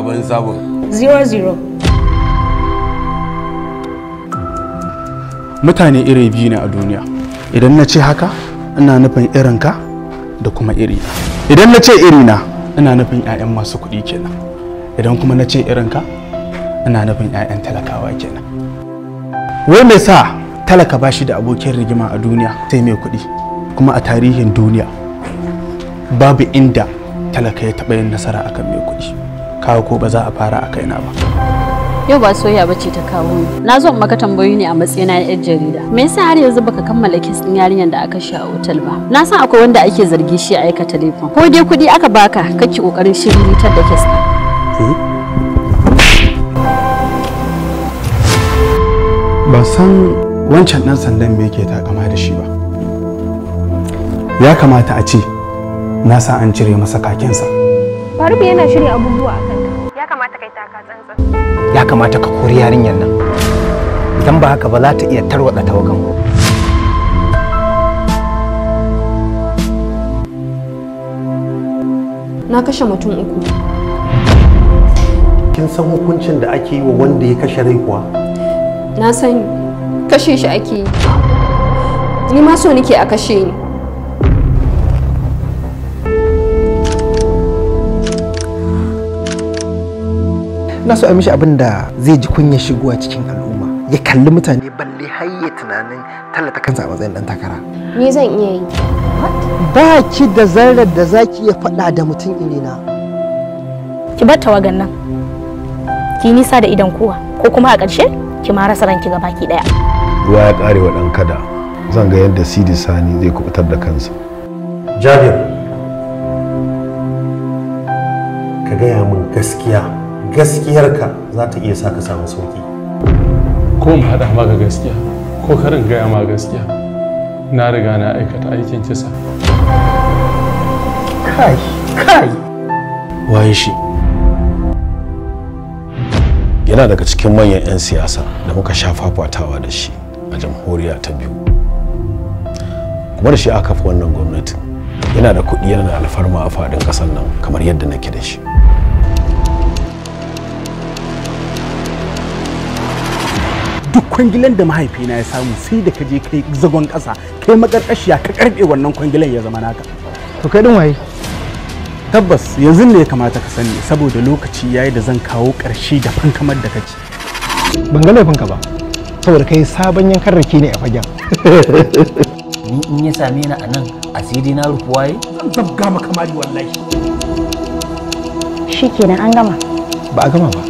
abin sabon. Zero zero. Mutane iri biyu ne a duniya. Idan na ce haka, ina nufin irinka da kuma iri Idan na ce irina, ina nufin 'ya'yan masu kuɗi kenan. Idan kuma na ce irinka, ina nufin 'ya'yan talakawa kenan. Wai mai sa talaka ba shi da abokin rigima a duniya sai mai kuɗi, kuma a tarihin duniya babu inda talaka ya taɓa yin nasara akan mai kuɗi. kawo ko ba za a fara a kaina ba yau ba soyayya bace ta kawo ni na zo maka tambayoyi ne a matsayina na yar jarida me yasa har yanzu baka kammala kes din yarinyar da aka sha a otal ba na san akwai wanda ake zargi shi a aikata laifin ko dai kuɗi aka baka kake kokarin ta da kes eh? ba san wancan dan sandan me yake takama da shi ba ya kamata a ce na sa an cire masa kakensa Faruku yana shirya abubuwa a kanka. Ya kamata kai taka tsantsan. Ya kamata ka kori yarinyar nan. Idan ba haka ba za ta iya tarwada tawagan mu. Na kashe mutum uku. Kin san hukuncin da ake yi wa wanda ya kashe rai kuwa? Na sani. Kashe shi ake yi. Ni ma so nake a kashe ni. na so a mishi abin da zai ji kunya shigowa cikin al'umma ya kalli mutane balle har ya tunanin tallata kansa a matsayin dan takara ni zan iya yi ba ki da zarar da zaki iya faɗa da mutum na ki bar tawagan nan ki nisa da idan kowa ko kuma a ƙarshe ki ma rasa ranki ki daya ruwa ya ƙare wa ɗan kada zan ga yadda sidi sani zai kubutar da kansa jabir ka gaya mun gaskiya gaskiyarka za ta iya saka ka samu sauki ko mu haɗa maka gaskiya ko karin gaya ma gaskiya na riga na aikata aikin kisa kai kai waye shi yana daga cikin manyan 'yan siyasa da muka sha fafatawa da shi a jamhuriya ta biyu kuma da shi aka fi wannan gwamnatin yana da kuɗi yana da alfarma a faɗin ƙasar nan kamar yadda nake da shi duk kwangilan da mahaifina ya samu sai da ka je kai zagon kasa kai makarƙashiya ka karɓe wannan kwangilan ya zama naka to kai din waye tabbas yanzu ne ya kamata ka sani saboda lokaci yayi da zan kawo ƙarshe da fankamar da kake ban ga laifinka ba saboda kai sabon yankan rake ne a fagen ni in ya same ni a nan asiri na rufu waye zan zabga maka mali wallahi shikenan an gama ba a gama ba